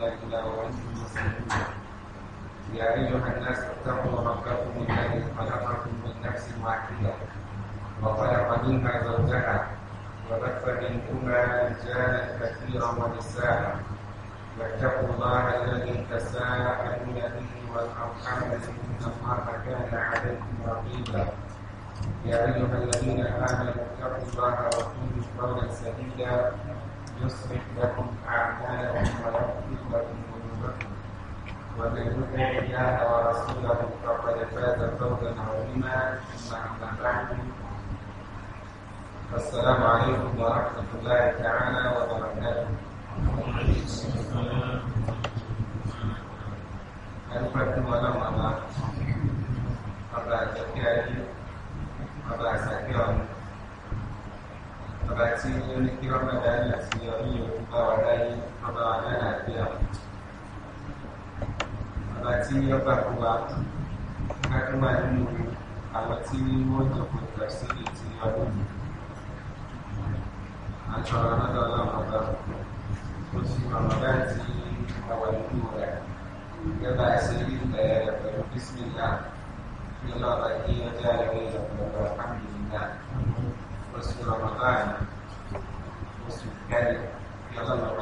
الا الا وانتم مسلمون يا ايها الناس اتقوا ربكم الذي خلقكم من نفس واحده وخلق منها زوجها وبث منهما رجالا كثيرا ونساء واتقوا الله الذي تساءلون به والارحام ان الله كان عليكم رقيبا يا ايها الذين امنوا اتقوا الله وقولوا قولا سديدا يصلح لكم اعمالكم ويغفر وجوده ومن يطع الله ورسوله فقد فاز فوزا عظيما ثم اما بعد السلام عليكم ورحمه الله تعالى وبركاته Alifatu wala wala Ọba àjọkí ayé Ọba àsàkí ọ̀nà Ọba tí ó ní kí ọmọdé àti ọ̀nà yóò bá wà láyé ọba alálàáfíà ọba tí ọba kò wá kákó wà nínú àwọn tí wọ́n jọpọ̀ ìgbà sílẹ̀ tí ọdún àtọ̀rọ̀ lọ́dọ̀ ọlọ́run ọba oṣù ramadan tí wọ́n wà nínú rẹ̀ gẹ́gẹ́ àṣẹ rí bẹ̀rẹ̀ pẹ̀lú bísímìlá kí ọlọ́ba kí ọjọ́ àìrí ọ̀pọ̀lọpọ̀ alhamdulillah oṣù ramadan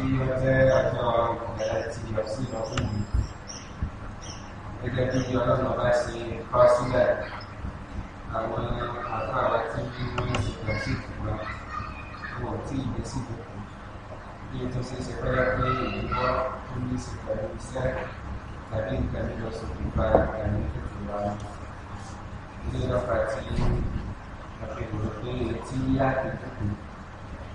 tí wọ́n jẹ́ àjọ ìgbàlẹ̀ ti ìlọsí ìlọ́kùn yìí gẹ́gẹ́ bí ọlọ́run bá ṣe kọ́ sílẹ̀ àwọn àfáàwà tí wọ́n ti gbà sí ìkùnà wọ́n tí ìgbé sí ìdòkù bí i tó ṣe ṣe fẹ́rẹ́ pé ìwọ́ tó ní sí pẹ̀lú iṣẹ́ tàbí nǹkan nílò sókè bá ìgbàlẹ̀ ìtura ilé lọ́fà tí wọ́n fi rò pé tí yá ìdòkù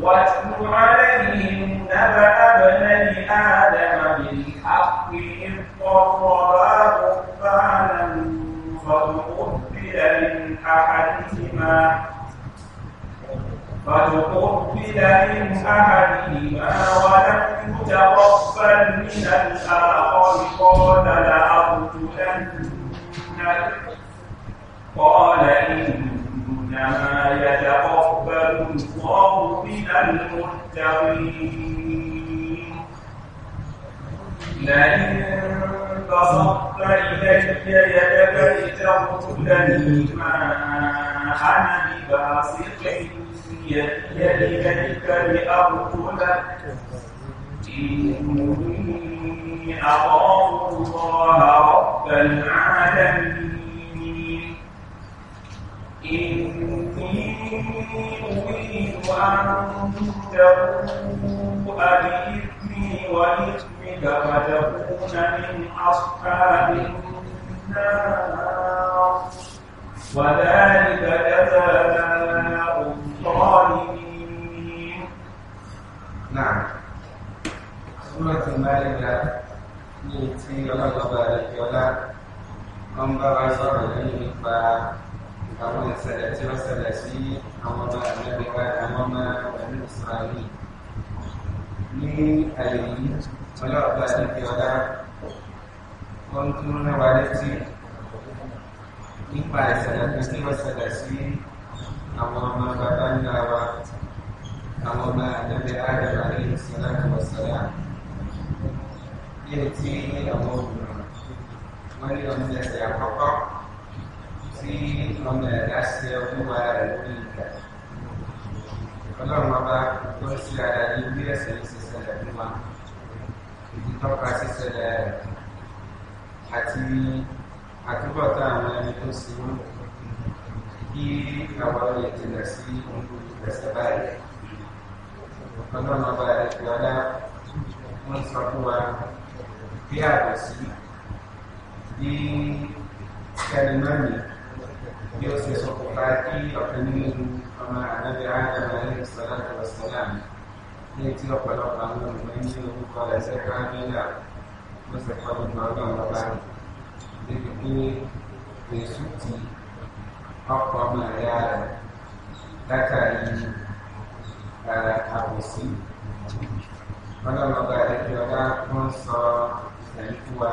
واتل عليهم نبأ ابني آدم بالحق إذ قربا قربانا فتقبل من أحدهما فتقبل من أحدهما ولم يتقبل من الآخر قال لأرجلنك قال إن إنما يتقبل الله من المتقين لئن بسطت إلي يدك لتقتلني ما أنا بباسط يدي إليك لأقتلك إني أخاف الله رب العالمين أريد أن تبوء بإثمي وإثمك فتكون من أصحاب النار وذلك جزاء الظالمين نعم سورة المائدة ní tí ọlọ́gbọ́gba rẹ̀ kí ọlá wọn bá wa sọ̀rọ̀ lẹ́yìn nípa kamu yang sadasi wasadasi amama annabika amama bani israeli ní ayé yìí ọlọ́ọ̀bá níbi ọlá ó ń tún rán wa létí nípa ìsàlẹ̀ tí wọ́n ṣẹlẹ̀ sí àwọn ọmọ bàbá ńlá wa àwọn ọmọ àdàbẹ̀ àdàbà ní ìsàlẹ̀ ìwọ̀sàlẹ̀ ní etí ọmọ ẹ̀dá sí olúwa rẹ̀ lórí ìgbà ọlọ́run ọba tó ń ṣe àdáyé bí ẹ̀sẹ̀ yìí ṣe ṣẹlẹ̀ fún wa ìdí tọ́ka ṣíṣẹlẹ̀ rẹ̀ àti àtúbọ̀tá àwọn ẹni tó ṣe wọ́n kí àwọn ọ̀rẹ́ ìjìnlẹ̀ sí ohun ìgbẹ̀sẹ̀ báyìí ọlọ́run ọba ẹ̀dá wọ́n sọ fún wa bí àbòsí bí ẹni náà nìyí bí ó ṣe sọ kò pa kí ọ̀kan nínú ọmọ ànábì ádámù alayhi salatu wa salam ní tí ọ̀pọ̀lọpọ̀ àwọn olùgbé ní orúkọ ẹsẹ̀ kábílà ló sì kọ́ gbogbo ọlọ́run ọba débi pé èṣù ti ọkọ̀ ọmọ ẹ̀yà rẹ̀ látàrí àbòsí ọlọ́run ọba ẹ̀kẹ́ ọlá wọ́n sọ ìṣẹ̀lú fún wa.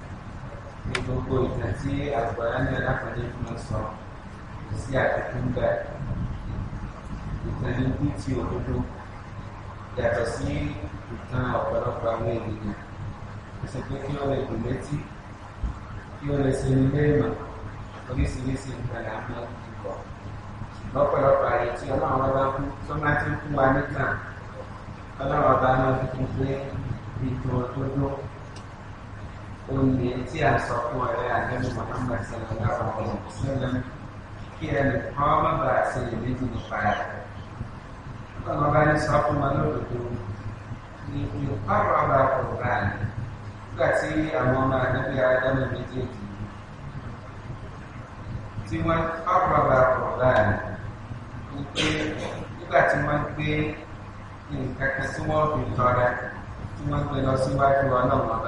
ní gbogbo ìtàn tí àgbàrá ní aláfọdé fún ọ sọ kò sí àfikún bẹ́ẹ̀ ìtàn ní bí ti òdodo yàtọ̀ sí ìtàn ọ̀pọ̀lọpọ̀ àwọn ènìyàn ó sì pé kí ó lè dùn létí kí ó lè sinmi léèmọ̀ oríṣiríṣi nǹkan là ń mọ ìkọ̀ ṣùgbọ́n ọ̀pọ̀lọpọ̀ àyè tí ọlọ́run ọba kú tó máa ti ń wa nítàn ọlọ́run ọba náà fi kún pé ìtàn tó oúnjẹ tí a sọ fún ọ̀rẹ́ àjẹ́mú Muhammad sallallahu alaihi wa sallam kí ẹnì kan má bàa ṣe ìrètí nípa rẹ̀. ọlọ́run bá ní sọ fún wa lódodo ní ìpárọ̀ ọba kọ̀ọ̀bán nígbà tí àwọn ọmọ àdébí adámọ̀ méjèèjì tí wọ́n párọ̀ ọba kọ̀ọ̀bán ní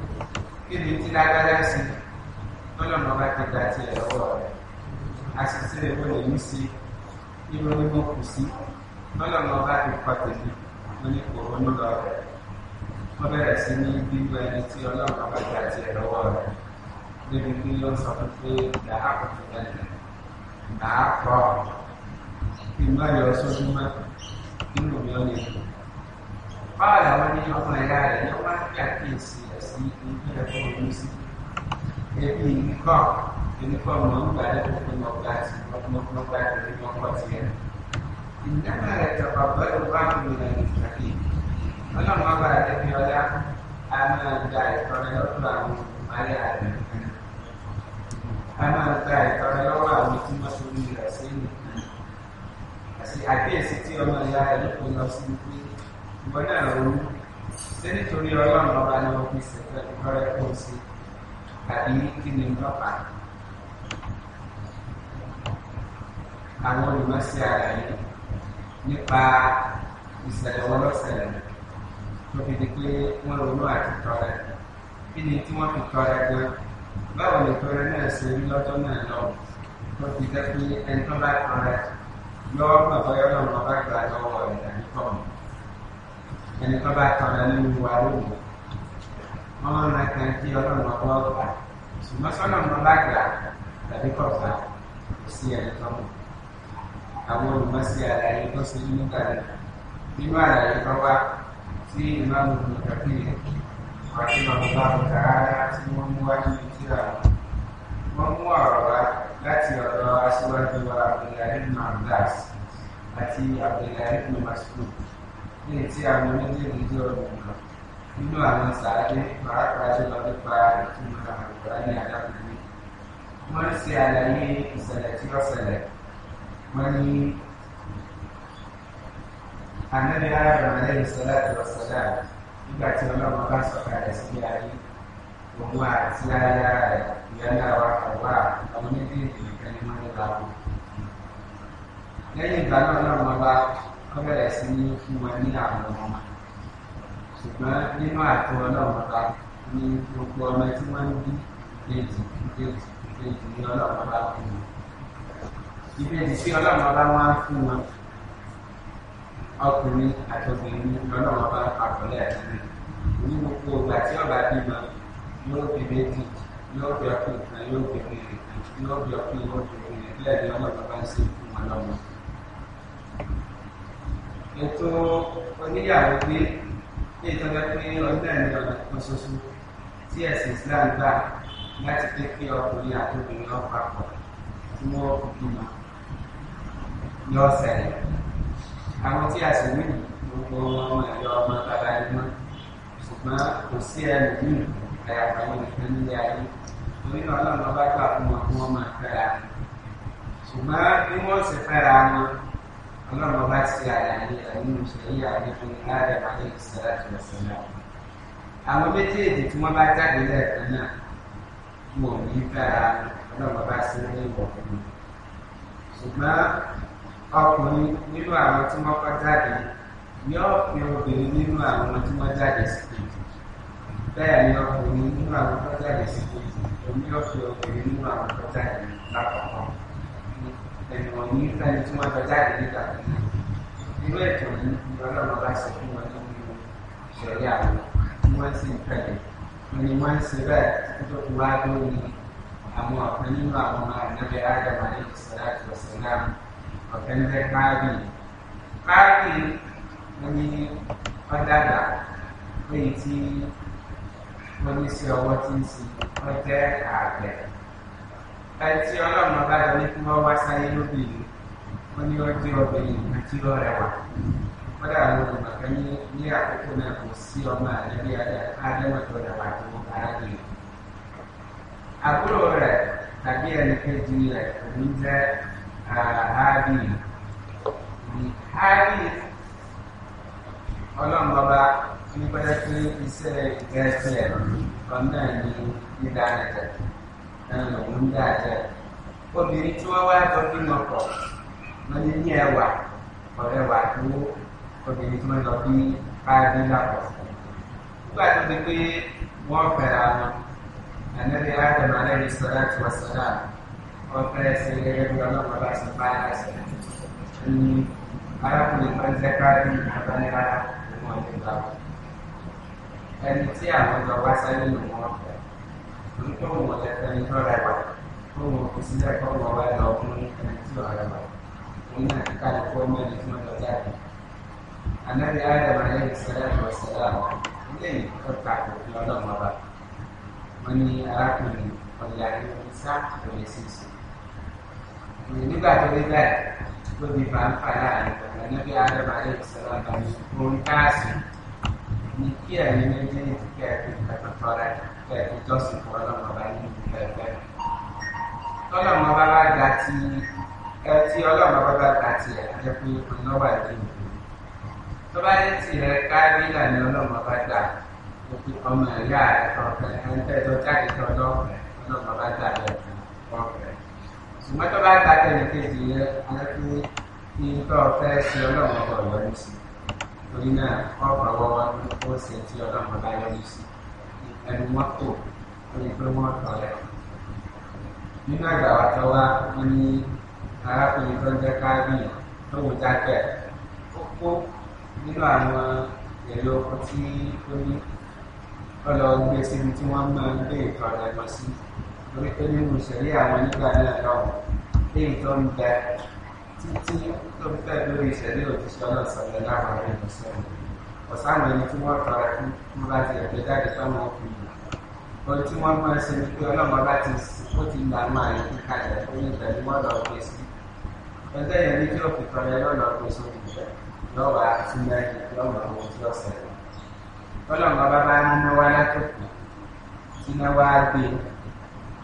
níbi tí lágbára sí lọ́lọ́mọ bá ti gbà tiẹ̀ lọ́wọ́ rẹ̀ àṣìṣe ẹ̀kọ́ lè ní sí irú onímọ kù sí lọ́lọ́mọ bá ti kọ tèmi onípò onílọ rẹ̀ wọ́n bẹ̀rẹ̀ sí ní gbígbó ẹni tí ọlọ́mọ bá gbà tiẹ̀ lọ́wọ́ rẹ̀ níbi tí ó ń sọ fún pé ìyá àkókò lẹ́nu àá kọ́ ìmọ̀ ẹ̀yọ́ sójúmọ́ nínú mi ò lè dùn báàlà wọn ní ọmọ ẹ̀yà rẹ̀ ní wọ́n fi àkíyèsí rẹ̀ sí ibi ẹ̀kọ́ ojú sí ẹbí nìkọ́ nìkọ́ mọ̀ nígbà lẹ́kọ̀ọ́ pé wọ́n gbà sí wọ́n gbà sí wọ́n kọ́ sí ẹ̀. ìnáwó rẹ̀ tọ̀pọ̀ bẹ́ẹ̀ wá fún mi lẹ́nu ìtàkì ọlọ́run ọba àdébí ọlá a máa gba ìtọ́rẹ lọ́dọ̀ àwọn ìmọ̀lẹ́ àdébí a máa gba ìtọ́rẹ lọ́wọ́ àwọn tí wọ́n ṣorí rẹ̀ sí àti àkíyèsí tí ọmọ ìyá rẹ̀ lókun lọ sí pé ìwọ náà ronú ṣé ni wọ́n fi ṣẹ̀fẹ́ lọ́rẹ́ kó o ṣe tàbí kí ni lọ́pàá àwọn olùmọ̀sí àlàyé nípa ìṣẹ̀lẹ̀ wọn lọ́sẹ̀lẹ̀ tó fi di pé wọ́n ronú àti tọrẹ kí ni tí wọ́n fi tọrẹ gan báwo ni tọrẹ náà ṣe rí lọ́jọ́ náà lọ tó fi jẹ́ pé ẹni tó bá tọrẹ lọ́wọ́ gbọ̀ngàn yọ̀ọ́ náà wọ́n bá gbà lọ́wọ́ rẹ̀ dání tọ̀hún. ẹni tó bá tọrọ nínú wa lónìí wọn ràn kan kí ọlọ́run ọwọ́ gbà ṣùgbọ́n sọ́nà ọmọ bá gbà tàbí kọ̀ọ̀bá kò sí ẹni tó mọ̀ àwọn olùmọ̀sí àlàyé tó ṣe nínú gbàdá nínú àlàyé tó wá tí ìmáàmù mi kàbí àti ọmọ bá mi kàrá ní etí àwọn méjèèjì jẹ́ ọ̀rọ̀ kan nínú àwọn sàádé pàápàá jùlọ nípa ìtumọ̀ àgbà ní àdàkùnrin wọ́n ṣe àlàyé ìṣẹ̀lẹ̀ tí ó ṣẹlẹ̀ wọ́n ní ànábì arábìnrin aláìsí sọlá tí ó sọlá nígbà tí ọlọ́run bá sọ̀kalẹ̀ sí ayé òun àti aya rẹ̀ ìyáńlá wa àwa àwọn méjèèjì nìkan ni wọ́n ní bá lẹ́yìn ìgbà náà ọlọ́run ọba wọ́n bẹ̀rẹ̀ sí ní fún wọn ní àwọn ọmọ ṣùgbọ́n nínú àti ọlọ́run ta ní gbogbo ọmọ tí wọ́n ń bí kejì kejì kejì ní ọlọ́run bá fún wọn ìbejì tí ọlọ́run bá máa ń fún wọn ọkùnrin àti obìnrin lọ́lọ́run bá àkọlẹ̀ àti rẹ̀ ní gbogbo ìgbà tí ọba bímọ ètò oníyàwó gbé ní ìtọ́jọ́ pé ọdún ẹ̀rin ọ̀nà kan ṣoṣo tí ẹ̀sìn Islam gbà láti pé kí ọkùnrin àti obìnrin ọ̀pá pọ̀ tí wọ́n fi mọ̀ yọ ṣẹlẹ̀ àwọn tí a sì wí gbogbo ọmọ ẹ̀yọ ọmọ bàbá ẹni mọ́ ṣùgbọ́n kò sí ẹnu yìí àyàfà ọlọ́run bá ti àlàyé àyínú ṣẹ̀yí àyẹ̀fọ́ ní adam aleyhi salatu wa salam àwọn méjèèjì tí wọ́n bá jáde lẹ́ẹ̀kan náà wọn ò ní bára ọlọ́run bá sí ní ìwọ̀ fún mi ṣùgbọ́n ọkùnrin nínú àwọn tí wọ́n kọ́ jáde ní ọ̀pìn obìnrin nínú àwọn tí wọ́n jáde sí kejì bẹ́ẹ̀ ni ọkùnrin nínú àwọn tó jáde ẹ̀wọ̀n ní fẹ́ni tí wọ́n jọ jáde níta irú ẹ̀tọ́ yìí ni ọlọ́run bá ṣe fún wọn nínú ìṣẹ̀lẹ̀ àwọn tí wọ́n sì ń fẹ̀lẹ̀ wọn ni wọ́n ń ṣe bẹ́ẹ̀ títí tó fi wá ẹtí ọlọ́run ọba yọ ní fún ọwá sáyé lóbìnrin wọn ní ọjọ́ obìnrin àti ọrẹwà kódà àwọn olùgbàgbọ́ ní ní àkókò náà kò sí ọmọ àdébí adéwọ̀tò ọ̀dàwà tó arábìnrin àbúrò rẹ̀ tàbí ẹni kejì rẹ̀ òun jẹ́ àhábìnrin àhábìnrin ọlọ́run ọba ní pẹ́ẹ́tì iṣẹ́ ìgbẹ́sẹ̀ ọ̀nà ní dídá nìkan lòun dáadáa obìnrin tí wọ́n wá jọ bímọ pọ̀ wọ́n ní ní ẹwà ọ̀rẹ́wà tó obìnrin tí wọ́n lọ bí káàdínlá pọ̀ nígbà tó di pé wọ́n fẹ́ra wọn ànábi ádámù alẹ́ sọ̀rọ̀ àti wàsọ̀rọ̀ ọ̀fẹ́ sí gẹ́gẹ́ bí ọlọ́pàá bá ti bá ara ní arákùnrin kan jẹ́ káàdínlá abánilára ìwọ̀n ìgbà ẹni tí àwọn ọjọ́ wá sáyé lòun ọ̀fẹ́ 你跟我在那一块来玩，跟我不是在跟我外头跟你可能出来玩，我那干的活没你这么多在。Annabi Adam alaihi salatu wassalam ini tetap berdoa kepada Mani arakuni Wallahi Musa Wali Sisi Nígbà tó dé bẹ́ẹ̀ tó di fàǹfà láàrin pẹ̀lú Annabi Adam alaihi salatu wassalam ní orí káàsì ní kí ẹ̀yin méjèèjì kẹ́ẹ̀kì kẹ́kọ̀ọ́ rẹ̀. ẹ kò jọ́sìn fún ọlọ́run ọba ní ìlú ẹgbẹ́. ọlọ́run ọba bá ga ti ẹ tí ọlọ́run ọba bá ga ti ẹ̀ jẹ́ pé iná wà ní ìlú. tó bá yẹ ti rẹ kábílà ni ọlọ́run ọba gbà ó fi ọmọ ẹ̀yà rẹ kọ̀ọ̀kẹ́ ẹ̀ ń tẹ́tọ́ jáde tó ọlọ́ọ̀fẹ́ ọlọ́run ọba gbà rẹ kọ̀ọ̀kẹ́. ṣùgbọ́n tó bá ta tẹ̀lé kejì yẹ ẹ pé kí n tọ́ fẹ́ ṣe ọlọ́run ọ̀yọ́ ní náà ọ̀pọ̀ ọwọ́ wọn ó ṣe ti ọlọ́run yọ ní al-muwatta al-Imam Muwatta rẹ̀ nínú àgbàwà tó wá wọn ní arákùnrin tó ń jẹ́ káàbíyàn tó wò jákẹ́ ó kó nínú àwọn èlò ọkọ̀ tí ó ní ọlọ gbé síbi tí wọ́n máa ọ̀sán ẹni tí wọ́n fara kí wọ́n bá ti ẹ̀jẹ̀ jáde sáwọn òfin yìí ohun tí wọ́n máa ń ṣe ni pé ọlọ́mọ bá ti ó ti là máa yẹ kí kalẹ̀ orí ìgbà ni wọ́n lọ gbé sí ẹgbẹ́ yẹn ní kí ó fi tọrẹ yọ lọ gbé sórí ìgbà lọ́wọ́ àti mẹ́rin lọ́wọ́ ohun tí ó ṣẹlẹ̀ ọlọ́mọ bá bá nínú wá látòkù tí náà wá gbé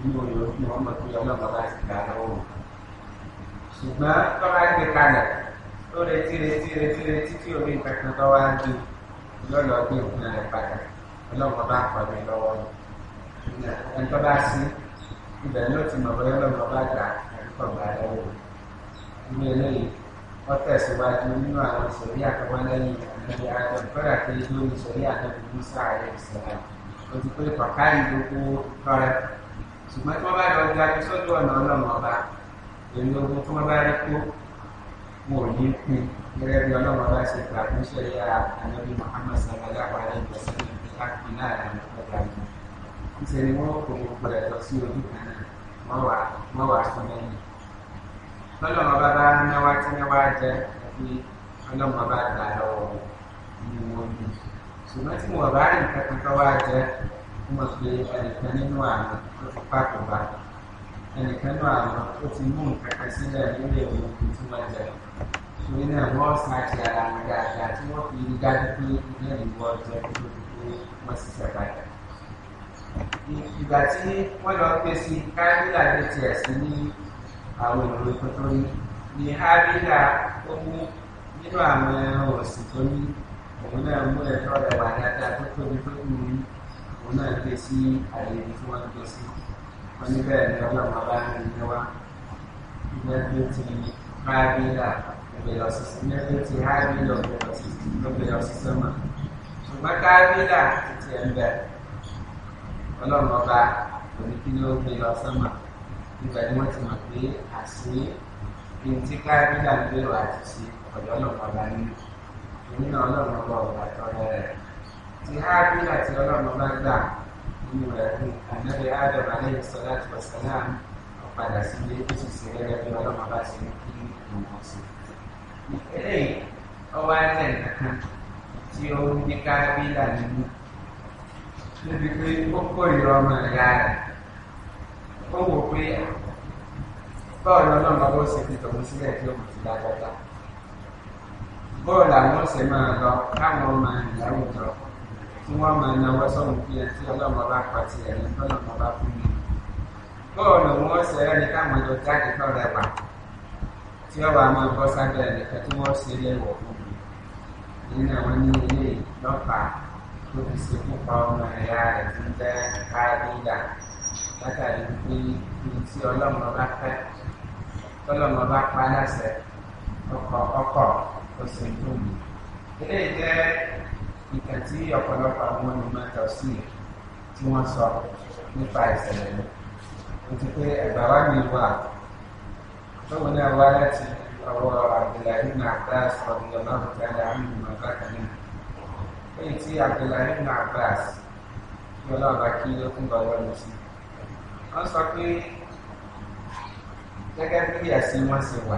ní òyò ní wọ́n mọ̀ pé ọlọ́mọ bá ti gbà lọ́wọ́ ṣùgbọ́n tọ́wá gbé kalẹ̀ ó retí retí retí retí tí òbí nǹkan kan tọ́wá gbé yóò lọ gbé ìpínlẹ̀ padà ọlọ́run bá kọ́ mi lọ́wọ́ yìí ẹni tó bá sí ibẹ̀ ló ti mọ̀ bóyá ọlọ́run bá gbà ẹ̀kọ́ gbà lọ́wọ́ ilé eléyìí wọ́n tẹ̀síwájú nínú àwọn ìsòrí àkọ́kọ́ lẹ́yìn ìpínlẹ̀ àgbẹ̀ kọ́dà tó yẹ kí ó ní ìsòrí àgbẹ̀ musa ayé ìsìlá o gẹ́gẹ́ bí ọlọ́run bá ṣe gbà ní ṣẹ̀yà ànábì Muhammad sallallahu alayhi wa sallam ní káàkiri láàrin ọgbà yìí níṣẹ́ ni wọ́n kò gbogbo ẹ̀ lọ sí ojú kan náà wọ́n wà wọ́n wà fún ẹ̀yìn lọ́lọ́run bá bá náwá tí náwá jẹ́ àti ọlọ́run bá gbà lọ́wọ́ ní wọ́n ní ṣùgbọ́n tí mo bá rí nǹkan kan tó wá jẹ́ mo mọ̀ pé ẹnìkan nínú àná ó ti pàtó bá ẹnìkan torí náà wọ́n san ti ara wọn dáadáa tí wọ́n fi dájú pé ilé ìwọ jẹ́ tó ti pé wọ́n sì ṣàbàdà. ìgbà tí wọ́n lọ pé sí kábílà ló ti ẹ̀sìn ní àwọn ìròyìn kan tó ní ni ábílà ó mú nínú àwọn ẹran ọ̀sìn tó ní òun náà mú ẹ̀tọ́ rẹ̀ wà dáadáa tó tóbi tó kù ní òun náà gbé sí àyè tí wọ́n gbé sí wọ́n ní ni ọlọ́run ọba ń rìn wá ìgbà tó ti kábílà ní hábílà ọ̀pẹ̀ lọ sí sọ́mà ṣùgbọ́n kábílà ti ẹ̀ ń bẹ̀ ọlọ́run ọba oníkíní ó gbé lọ sọ́mà nígbà tí wọ́n ti mọ̀ pé àṣé kí n tí kábílà ń gbèrò àti ṣe ọ̀dọ́ ọlọ́run ọba nínú nínú ọlọ́run ọba ọ̀gbà tọ́lẹ̀ rẹ̀ ti hábílà tí ọlọ́run ọba gbà nínú rẹ̀ ní ànábẹ́ ádọ́rọ̀ alẹ́ ìsọ̀lá àti ọ̀sán náà padà sílé ó sì ṣe gẹ́gẹ́ bí ọlọ́run ṣe ń kí ìmọ̀ sí eléyìí ọwọ́ ajẹ́ nǹkan tí ó ní kábílà nínú níbi pé ó kórìíra ọmọ ìyá rẹ̀ ó wò pé bọ́ọ̀lù ọlọ́mọ bó ṣe fi tòun sílẹ̀ tí òun ti dágbọ́ta bọ́ọ̀lù àwọn ọ̀sẹ̀ máa lọ káwọn ọmọ ìyàwó jọ tí wọ́n máa náwó sọ́hun bí ẹni tí ọlọ́mọ bá pa ti ẹ̀yìn tọ́lọ́mọ bá fún mi bọ́ọ̀lù wọn ọ̀sẹ̀ rẹ̀ ní káwọn ọjọ́ jáde tọ́lẹ̀ wà tí ọ̀wà máa bọ́ sábẹ́ ẹ̀lẹ́kẹ́ tí wọ́n ṣe léwọ̀ fún mi nínú àwọn ní ilé lọ́pàá tó fi ṣe púpọ̀ ọmọ ẹ̀yà rẹ̀ ti ń jẹ́ káàdìdà látàrí pé ibi tí ọlọ́mọ bá fẹ́ tọ́lọ́mọ bá pa láṣẹ ọkọ̀ ọkọ̀ ó ṣe ń tó mi. ilé jẹ́ ìtàn tí ọ̀pọ̀lọpọ̀ àwọn olùmọ̀tọ̀ sí tí wọ́n sọ nípa ìṣẹ̀lẹ̀ ní. mo ti pé ẹ̀gbà wá mi wà فهنا وارد أبو عبد الله بن عباس رضي الله تعالى عنهما ذاك منه فإنتي عبد الله بن عباس ولا بكي يكون ضوء المسلم أصلا gẹ́gẹ́ bí ẹ̀sìn wọn ṣe wà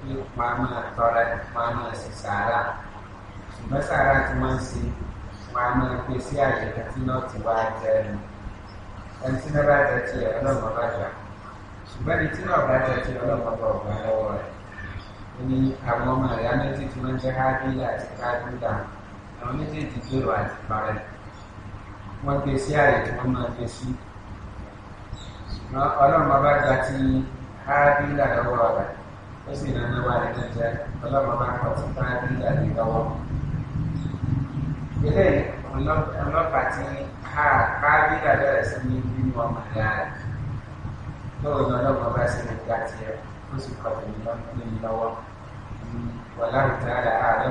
pé máa máa tọrẹ máa máa ṣe sàárà ṣùgbọ́n sàárà tí wọ́n ń ṣe máa máa pè àyè kan tí náà ti wá jẹ́ ẹni tí náà bá jẹ́ tiẹ̀ ọlọ́run ọba jà ṣùgbọ́n ẹni tí wọ́n bá jẹ́ ti ọlọ́pàá bá ọ̀gá lọ́wọ́ rẹ̀ ní àwọn ọmọ ẹ̀yà méjì tí wọ́n jẹ́ hábílà àti kábílà àwọn méjèèjì gbèrò àti parẹ́ wọ́n gbé sí ààyè tí wọ́n máa gbé sí ṣùgbọ́n ọlọ́pàá bá gba ti hábílà lọ́wọ́ rẹ̀ ó sì rán náwó rẹ̀ náà jẹ́ ọlọ́pàá bá kọ́ ti kábílà lé lọ́wọ́ ilé ọlọ́pàá ti kábílà bẹ̀rẹ̀ sí ní bímọ ọmọ ẹ̀yà rẹ̀ lọ́wọ́ náà lọ́wọ́ bá ṣe lè gbà tiẹ̀ ó sì kọ̀ tèmi lọ ní mi lọ́wọ́ wàhálà ìtàlá ààrẹ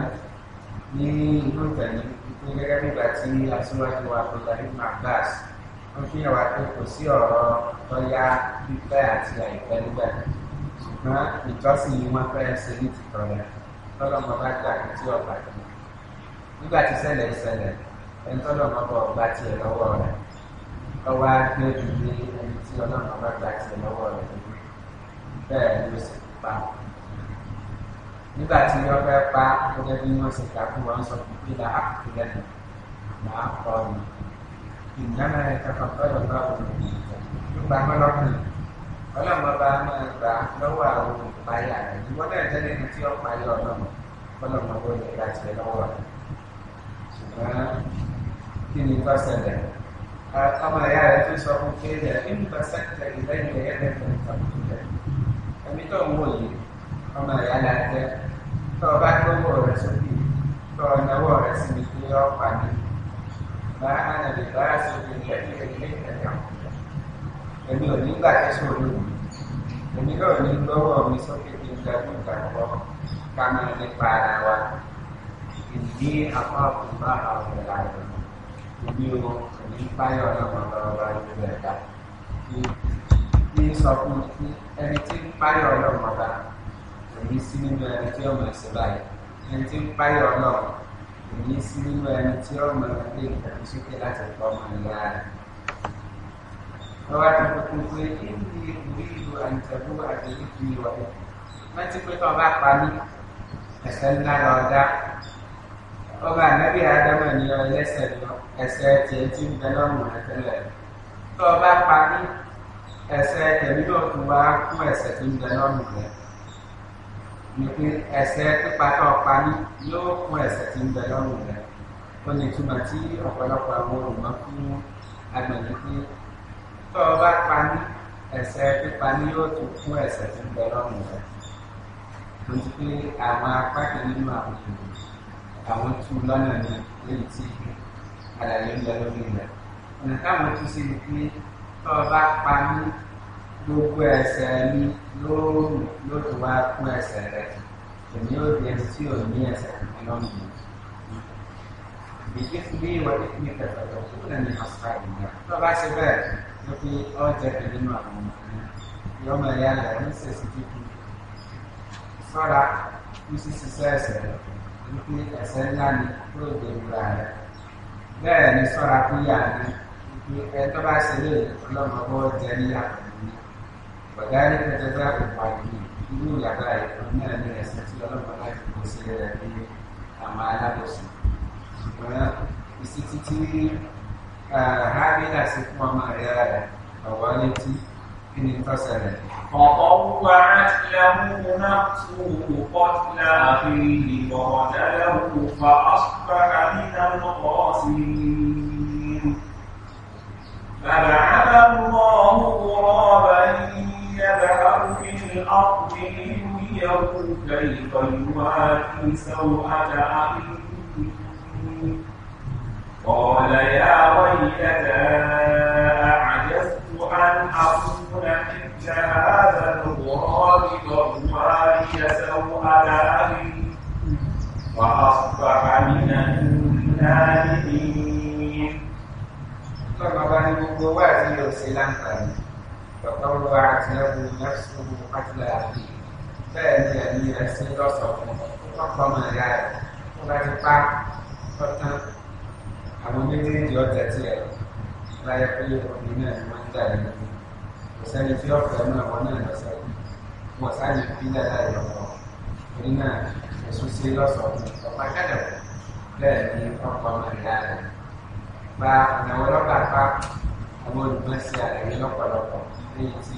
ní inú ìtẹ̀lé ní gẹ́gẹ́ bí ìgbà tí aṣíwájú wa kò darí magbas ó fi hàn wá pé kò sí ọ̀rọ̀ lọ́yà pípẹ́ àti àìpẹ́ nígbà ṣùgbọ́n ìjọsìn yìí wọ́n fẹ́ ṣe ní tìtọ̀rẹ́ tọ́lọ́mọ bá gbà kí tí ọ̀gbà tó nígbà tí ṣẹlẹ̀ ṣẹlẹ̀ ẹni tọ́lọ́mọ bọ̀ gbà tiẹ̀ lọ́wọ́ rẹ̀ ọwọ́ á gbé ju ní tí ọlọ́run ọba gba ẹsẹ̀ lọ́wọ́ rẹ̀ bẹ́ẹ̀ ló sì pa nígbà tí wọ́n fẹ́ pa gẹ́gẹ́ bí wọ́n ṣe takú wọn sọ fún pílà ákùnrin lẹ́nu máa kọ́ ni ìyáná ìtọ́kọ̀ fẹ́rẹ̀ bá òun nípa mọ́lọ́kùn ọlọ́run ọba máa gbà lọ́wọ́ àwọn olùpayà rẹ̀ ìwọ́n náà jẹ́ nínú tí wọ́n payà ọlọ́run ọlọ́run ọba lè gba ẹsẹ̀ lọ́wọ́ rẹ̀ ṣùgbọ́n kí ni kọ́ ṣẹlẹ̀ فقضى يعرف فقل إن بسطت إلي يدك لتقتلني ẹ̀mítọ̀ ń wò yìí ọmọ ìyá la jẹ́ tó o bá gbówó rẹ̀ sókè tó o náwó rẹ̀ sí mi pé ọ́ pàdé bá ànàbì bá sókè lẹ́yìn ilé ìtẹ̀lẹ́ èmi ò ní gbà ẹ́ sórí mi èmi náà ní gbówó mi sókè kí n gbẹ́kú ìgbàgbọ́ ká máa nípa ara wa ìdí àpá àpò bá àwọn ọ̀rẹ́ láyé òbí wọn òbí báyọ̀ náà máa lọ bá ní ilẹ̀ dá kí kí sọ fún kí ẹni tí ń báyọ̀ náà máa bá òní sí nínú ẹni tí ọmọ ẹ̀sìn báyìí ẹni tí ń báyọ̀ náà òní sí nínú ẹni tí ọmọ ẹ̀sìn lè ọba ànábì àdámà ni ọ ẹlẹ́sẹ̀ lọ ẹsẹ̀ tiẹ̀ ti ń bẹ lọ́rùn rẹ tẹ́lẹ̀ tó ọba parí ẹsẹ̀ tẹ̀mí náà tó wá kú ẹsẹ̀ ti ń bẹ lọ́rùn rẹ nípín ẹsẹ̀ pípa tó parí yóò kú ẹsẹ̀ ti ń bẹ lọ́rùn rẹ ó ní ìtumọ̀ tí ọ̀pọ̀lọpọ̀ àwọn olùmọ̀ fún agbẹ̀mí pé tó ọba parí ẹsẹ̀ pípa ni yóò tó kú ẹsẹ̀ ti ń bẹ lọ́rùn rẹ lójú pé àwọn apá kan nínú àwọn ènìyàn àwọn tú lọ́nà ní lẹ́yìn tí àlàyé ń lọ lórí rẹ̀ ọ̀nà táwọn tú sí ni pé tó o bá pa ní gbogbo ẹsẹ̀ ní lóòrùn yóò tó wá kú ẹsẹ̀ rẹ̀ èmi yóò di ẹni tí ò ní ẹsẹ̀ kankan lọ́nà yìí ìdíje fún bí ìwà tó fi kẹfẹ lọ tó lẹ ní ọsùn àìmọ tó bá ṣe bẹ́ẹ̀ ló fi ọjà kiri nù àwọn ọmọ yìí ọmọ ẹ̀yà rẹ̀ ń ṣe sí kíkú sọ́ra ń ṣiṣẹ́ ẹsẹ̀ rẹ̀ wípé ẹ̀ṣẹ̀ ńlá ni kúrò ìdèrúra rẹ̀ bẹ́ẹ̀ ni sọ́ra fún yà ni wípé ẹ tó bá ṣe lè ọlọ́mọbọ jẹ níyà pẹ̀lú ọ̀gá ní pẹ̀tẹ́tẹ́ ìpàdé irú ìyàgbá ìpàdé náà ní ẹ̀ṣẹ̀ tí ọlọ́mọ láti kó sí rẹ̀ ní àwọn alábòsùn ṣùgbọ́n ìsí títí hábílà sí fún ọmọ rẹ̀ ọ̀wọ́ létí kí ni tọ́sẹ̀lẹ̀ فطوعت له نفسه قتل أخيه وقتله فأصبح من الخاسرين فبعث الله غرابا يبحث في الأرض ليريه كيف يواري سوءة قال يا ويلتى أعجزت أن أكون شهادة الله والله يسوء على وأصبح من النادمين كما بني بواتي وسيلانكا فطوعت له نفسه قتل أخيه فأتي أمير السيرة فقام ذلك فتقع فتن àwọn méjèèjì ọjà tí ẹ láyé pé òbí náà ni wọn ń dà nínú sẹ́ni tí ọ̀fẹ́ náà wọn náà lọ́sẹ̀ wọn sáàyè ìpínlẹ̀ láì lọ́wọ́ torí náà ẹ̀sùn sí lọ́sọ̀ọ́sọ̀ ọ̀pá kẹ́lẹ̀ ni ọkọ̀ ọmọ ìyá rẹ̀ gba àwọn ọlọ́pàá pa àwọn olùgbọ́nsẹ̀ àlàyé lọ́pọ̀lọpọ̀ lẹ́yìn tí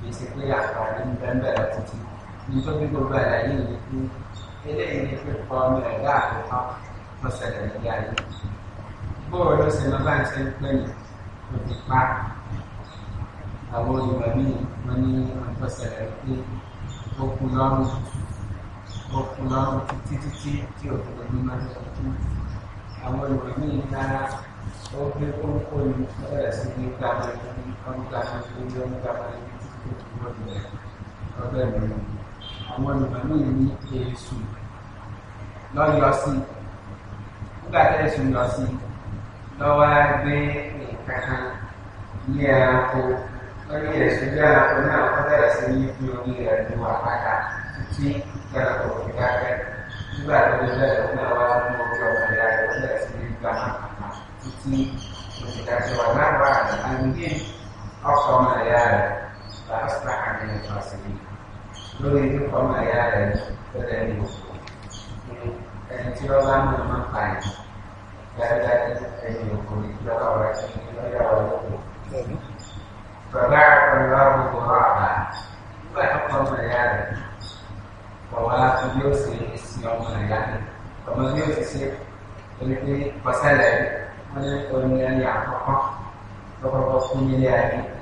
kìí ṣe pé àǹfààní ń bẹ́ẹ̀ bẹ̀rẹ̀ títí nítorí gbogbo àlàyé yìí fún eléyìí ní pípọ̀ ọmọ ẹ̀dá àkọ́kọ́ lọ́sẹ̀lẹ̀ nílé ayé bóòlù ó ṣe àwọn ìgbà míì wọ́n ní àpẹsẹ̀ rẹ̀ pé ó kú lọ́rùn ó kú lọ́rùn títí títí tí òkúta ní máa ń tọ́jú àwọn ìgbà míì lára ó gbé kókó ní bẹ̀rẹ̀ sí ní gbàgbé ní ọgbà ní ọgbà ní títí tó kúrò nílẹ̀ ọgbà ìrìn àwọn ìgbà ní èésù lọ́yọ̀ sí nígbà tẹ́sùn lọ sí lọ́wọ́ gbé nǹkan ní ẹranko Quindi studiare la prima cosa significa unire due ragazzi, sì, che kita comunicare, juga ada juga volta non più operare, quella significa mamma, sì, comunicare sulla narra, anche posso mangiare la nostra anche nel passaggio. Lui di può itu per il gusto. E non ci va la mamma mai. Per la gente che karena kenal mutuara banyak pemberian bahwa video si siang pemberian kemudian sisi memiliki pasal lain ada pemberian yang apa apa pemberian